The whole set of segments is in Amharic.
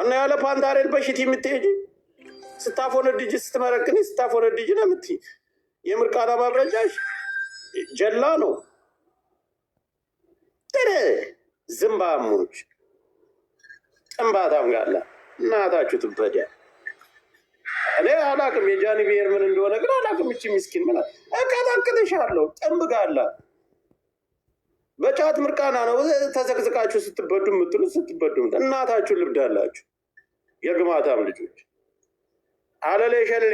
እና ያለ ፓንታሬል በሽት የምትሄጂ ስታፎነ ስታፎነድጅ ስትመረክኒ ድጅ ነው የምት የምርቃና ማብረጃሽ ጀላ ነው። ጥሬ ዝምባሙች ጥንባታም ጋላ እናታችሁ ትበዲያ እኔ አላቅም። የጃኒ ብሔር ምን እንደሆነ ግን አላቅም። እቺ ምስኪን ምላ እቀጣቅጥሻለሁ ጥንብ ጋላ በጫት ምርቃና ነው ተዘቅዝቃችሁ ስትበዱ የምትሉ ስትበዱ እናታችሁ ልብዳላችሁ። የግማታም ልጆች አለሌ ሸሌ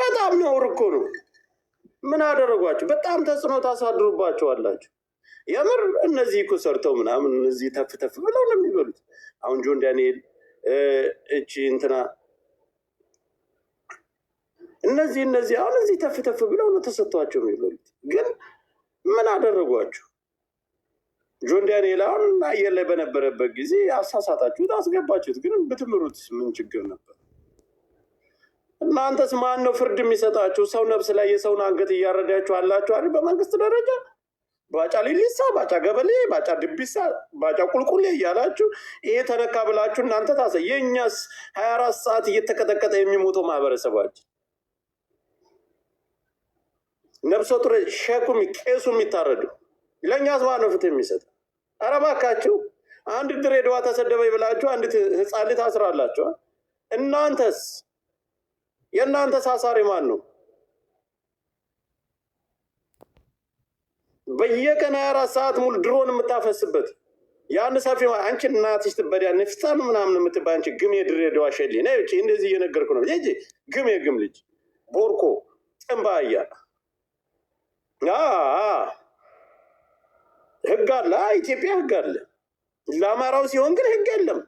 በጣም ነውር እኮ ነው። ምን አደረጓችሁ? በጣም ተጽዕኖ ታሳድሩባቸዋላችሁ። የምር እነዚህ እኮ ሰርተው ምናምን እነዚህ ተፍተፍ ብለው ነው የሚበሉት። አሁን ጆን ዳንኤል እቺ እንትና እነዚህ እነዚህ አሁን እዚህ ተፍ ተፍ ብለው ነው ተሰጥቷቸው የሚበሉት። ግን ምን አደረጓችሁ? ጆን ዳንኤል አሁን አየር ላይ በነበረበት ጊዜ አሳሳታችሁት፣ አስገባችሁት። ግን ብትምሩት ምን ችግር ነበር? እናንተስ ማን ነው ፍርድ የሚሰጣችሁ? ሰው ነብስ ላይ የሰውን አንገት እያረዳችሁ አላችሁ አይደል? በመንግስት ደረጃ ባጫ ሊሊሳ፣ ባጫ ገበሌ፣ ባጫ ድቢሳ፣ ባጫ ቁልቁሌ እያላችሁ ይሄ ተነካ ብላችሁ እናንተ ታሰ የእኛስ ሀያ አራት ሰዓት እየተቀጠቀጠ የሚሞተው ማህበረሰባችን ነብሶ ጡር ሸኩ ቄሱ የሚታረዱ ለእኛ ህዝባ ነው ፍትህ የሚሰጥ። ኧረ እባካችሁ አንድ ድሬዳዋ ተሰደበ ይብላችሁ አንድ ህፃን ልጅ ታስራላችኋል። እናንተስ የእናንተስ አሳሪ ማን ነው? በየቀን ሀያ አራት ሰዓት ሙሉ ድሮን የምታፈስበት ያን ሰፊ አንቺ እናትሽ ትበዲያ ንፍጣን ምናምን የምትባ አንቺ ግም የድሬዳዋ ሸሊ ነ እንደዚህ እየነገርኩ ነው። ግም የግም ልጅ ቦርኮ ጥንባ አያ ህግ አለ፣ ኢትዮጵያ ህግ አለ። ለአማራው ሲሆን ግን ህግ የለም።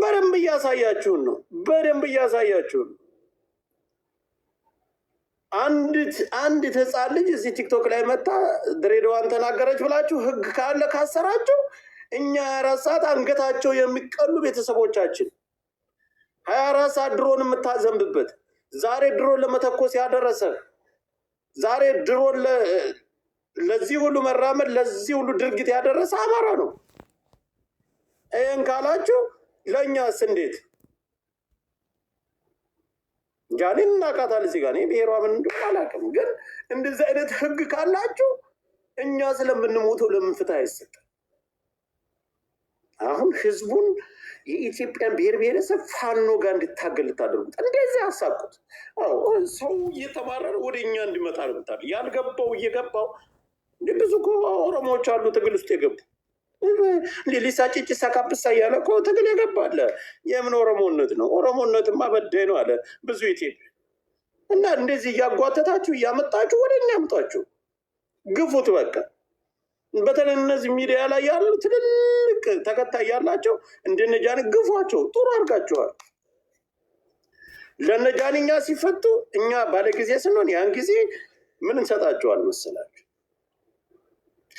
በደንብ እያሳያችሁን ነው። በደንብ እያሳያችሁን አንድ አንዲት ህፃን ልጅ እዚህ ቲክቶክ ላይ መታ ድሬዳዋን ተናገረች ብላችሁ ህግ ካለ ካሰራችሁ እኛ ሀያ አራት ሰዓት አንገታቸው የሚቀሉ ቤተሰቦቻችን ሀያ አራት ሰዓት ድሮን የምታዘንብበት ዛሬ ድሮን ለመተኮስ ያደረሰ ዛሬ ድሮን ለዚህ ሁሉ መራመድ ለዚህ ሁሉ ድርጊት ያደረሰ አማራ ነው። ይህን ካላችሁ ለእኛስ እንዴት ጋኔ እናቃታል። እዚህ ጋኔ ብሔሯ ምን እንደሆነ አላውቅም፣ ግን እንደዚህ አይነት ህግ ካላችሁ እኛ ስለምንሞተው ለምን ፍትህ አይሰጥ? አሁን ህዝቡን የኢትዮጵያን ብሔር ብሔረሰብ ፋኖ ጋር እንድታገል ልታደርጉት፣ እንደዚህ አሳቁት። ሰው እየተባረረ ወደ እኛ እንዲመጣ አድርጉታል። ያልገባው እየገባው ብዙ ኦሮሞዎች አሉ ትግል ውስጥ የገቡ ሊሳ ጭጭ ካፕሳ እያለ እኮ ትግል የገባለ የምን ኦሮሞነት ነው? ኦሮሞነትማ በዳይ ነው አለ ብዙ ኢትዮጵያ እና እንደዚህ እያጓተታችሁ እያመጣችሁ ወደ እኛ አምጧችሁ ግፉት በቃ። በተለይ እነዚህ ሚዲያ ላይ ያሉ ትልልቅ ተከታይ ያላቸው ነጃን ግፏቸው ጥሩ አድርጋቸዋል። ለነጃን እኛ ሲፈቱ እኛ ባለ ጊዜ ስንሆን ያን ጊዜ ምን እንሰጣቸዋል መሰላችሁ?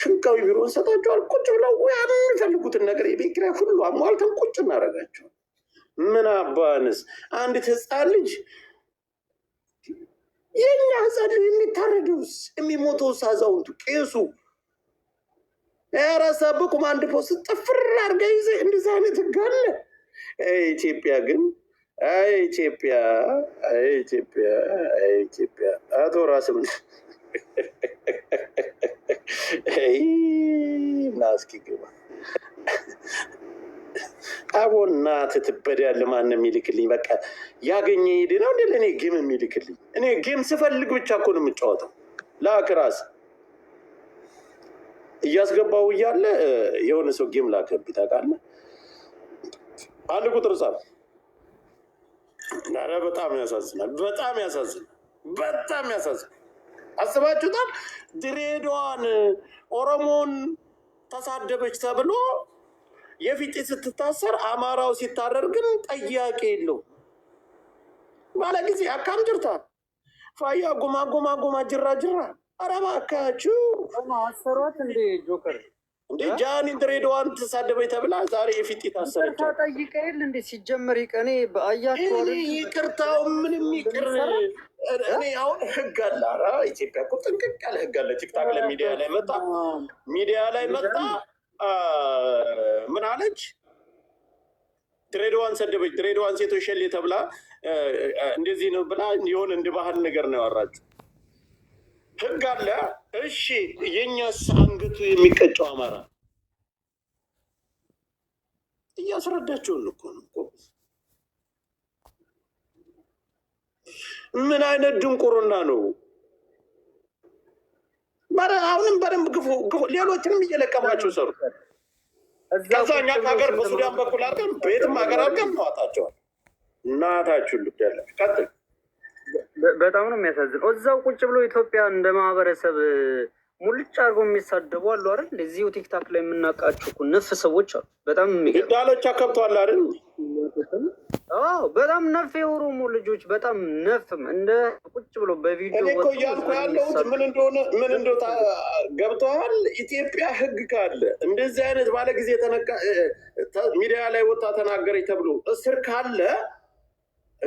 ሽንቃዊ ቢሮ እንሰጣቸዋል። ቁጭ ብለው የሚፈልጉትን ነገር የቤት ኪራይ ሁሉ አሟልተን ቁጭ እናደርጋቸዋል። ምን አባንስ አንዲት ህፃን ልጅ የኛ ህፃን የሚታረደውስ የሚሞተውስ አዛውንቱ ቄሱ ያራሳብ ኮማንድ ፖስት ጥፍር አድርጋ ይዘ እንደዚህ አይነት ህግ አለ ኢትዮጵያ ግን ኢትዮጵያ ኢትዮጵያ ኢትዮጵያ አቶ ራስም ናስኪ ግባ አቦና ትትበድ ያለ ማን የሚልክልኝ በቃ ያገኘ ሄድ ነው እንደ ለእኔ ጌም የሚልክልኝ እኔ ጌም ስፈልግ ብቻ እኮ ነው የምጫወተው ላክ እያስገባው እያለ የሆነ ሰው ጌም ላከብኝ ታውቃለህ። አንድ ቁጥር ጻፍ። ኧረ በጣም ያሳዝናል። በጣም ያሳዝናል። በጣም ያሳዝናል። አስባችሁታል? ድሬዳዋን ኦሮሞን ተሳደበች ተብሎ የፊት ስትታሰር አማራው ሲታረር ግን ጥያቄ የለው ባለ ጊዜ አካም ጅርታ ፋያ ጉማ ጉማ ጉማ ጅራ ጅራ ኧረ እባካችሁ አሰሯት እንደ ጆከር ጃኒ ድሬዳዋን ትሳደበኝ ተብላ ዛሬ የፊት ጠይቀ የለ እንዴ ሲጀመር ይቀኔ ይቅርታው ምንም ይቅር እኔ አሁን ህግ አለ ኢትዮጵያ እኮ ጥንቅቅ ያለ ህግ አለ ቲክታክ ላይ መጣ ሚዲያ ላይ መጣ ምን አለች ድሬዳዋን ሰደበች ድሬዳዋን ሴቶች ሸሌ ተብላ እንደዚህ ነው ብላ የሆነ እንደ ባህል ነገር ነው ያወራችሁ ህግ አለ። እሺ የእኛስ አንገቱ የሚቀጨው አማራ እያስረዳቸውን እኮ ነው። ምን አይነት ድንቁርና ነው? አሁንም በደንብ ግፉ፣ ሌሎችንም እየለቀማቸው ሰሩ። ከዛኛ ሀገር በሱዳን በኩል አድርገን በየትም ሀገር አድርገን እናዋጣቸዋል። እናታችሁን ልብ ቀጥል በጣም ነው የሚያሳዝን። እዛው ቁጭ ብሎ ኢትዮጵያ እንደ ማህበረሰብ ሙልጭ አድርጎ የሚሳደቡ አሉ አይደል? እዚሁ ቲክታክ ላይ የምናውቃቸው ነፍ ሰዎች አሉ። በጣም ዳሎቻ አከብተዋል አይደል? አዎ፣ በጣም ነፍ የኦሮሞ ልጆች በጣም ነፍም እንደ ቁጭ ብሎ በቪዲዮ እኔ እኮ እያልኩ ያለሁት ምን እንደሆነ ምን እንደ ገብተዋል። ኢትዮጵያ ህግ ካለ እንደዚህ አይነት ባለጊዜ ጊዜ ሚዲያ ላይ ወጣ ተናገረኝ ተብሎ እስር ካለ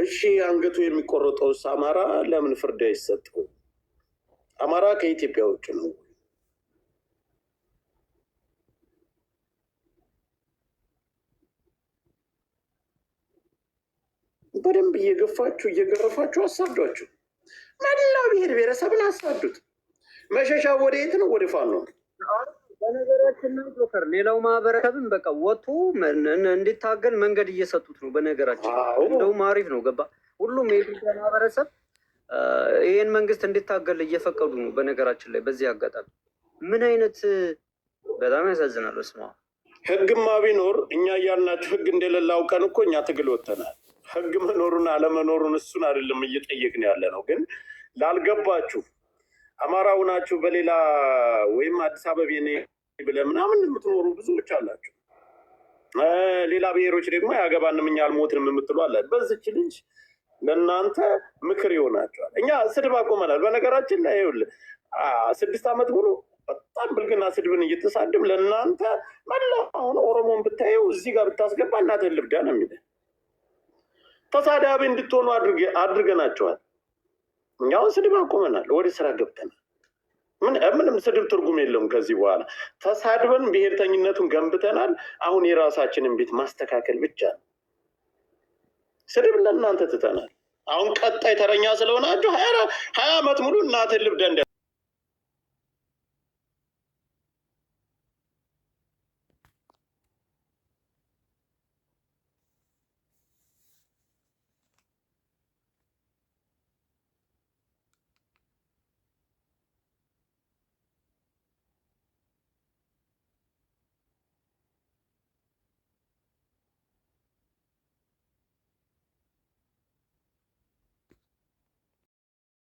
እሺ አንገቱ የሚቆረጠውስ አማራ ለምን ፍርድ አይሰጥ? አማራ ከኢትዮጵያ ውጭ ነው። በደንብ እየገፋችሁ እየገረፋችሁ አሳዷችሁ። መላው ብሔር ብሔረሰብን አሳዱት። መሸሻ ወደ የት ነው? ወደ ፋኖ ነው። በነገራችን ላይ ዶክተር ሌላው ማህበረሰብን በቃ ወጥቶ እንዲታገል መንገድ እየሰጡት ነው። በነገራችን እንደውም አሪፍ ነው ገባ ሁሉም የኢትዮጵያ ማህበረሰብ ይህን መንግስት እንዲታገል እየፈቀዱ ነው። በነገራችን ላይ በዚህ አጋጣሚ ምን አይነት በጣም ያሳዝናል። ስማ ህግማ ቢኖር እኛ እያልናቸው ህግ እንደሌለ አውቀን እኮ እኛ ትግል ወተናል። ህግ መኖሩን አለመኖሩን እሱን አይደለም እየጠየቅን ያለ ነው። ግን ላልገባችሁ አማራው ናችሁ በሌላ ወይም አዲስ አበባ ብለ ምናምን የምትኖሩ ብዙዎች አላቸው። ሌላ ብሔሮች ደግሞ ያገባንም እኛ አልሞትንም የምትሉ አለ። በዚች ልጅ ለእናንተ ምክር ይሆናቸዋል። እኛ ስድብ አቆመናል። በነገራችን ላይ ይኸውልህ ስድስት ዓመት ሙሉ በጣም ብልግና ስድብን እየተሳድብ ለእናንተ መላ አሁን ኦሮሞን ብታየው እዚህ ጋር ብታስገባ እናትህን ልብዳ ነው የሚለ ተሳዳቢ እንድትሆኑ አድርገናቸዋል። እኛውን ስድብ አቆመናል። ወደ ስራ ገብተናል። ምንም ስድብ ትርጉም የለውም ከዚህ በኋላ ተሳድበን ብሔርተኝነቱን ገንብተናል። አሁን የራሳችንን ቤት ማስተካከል ብቻ ነው። ስድብ ለእናንተ ትተናል። አሁን ቀጣይ ተረኛ ስለሆናችሁ ሀያ ዓመት ሙሉ እናትን ልብደንደ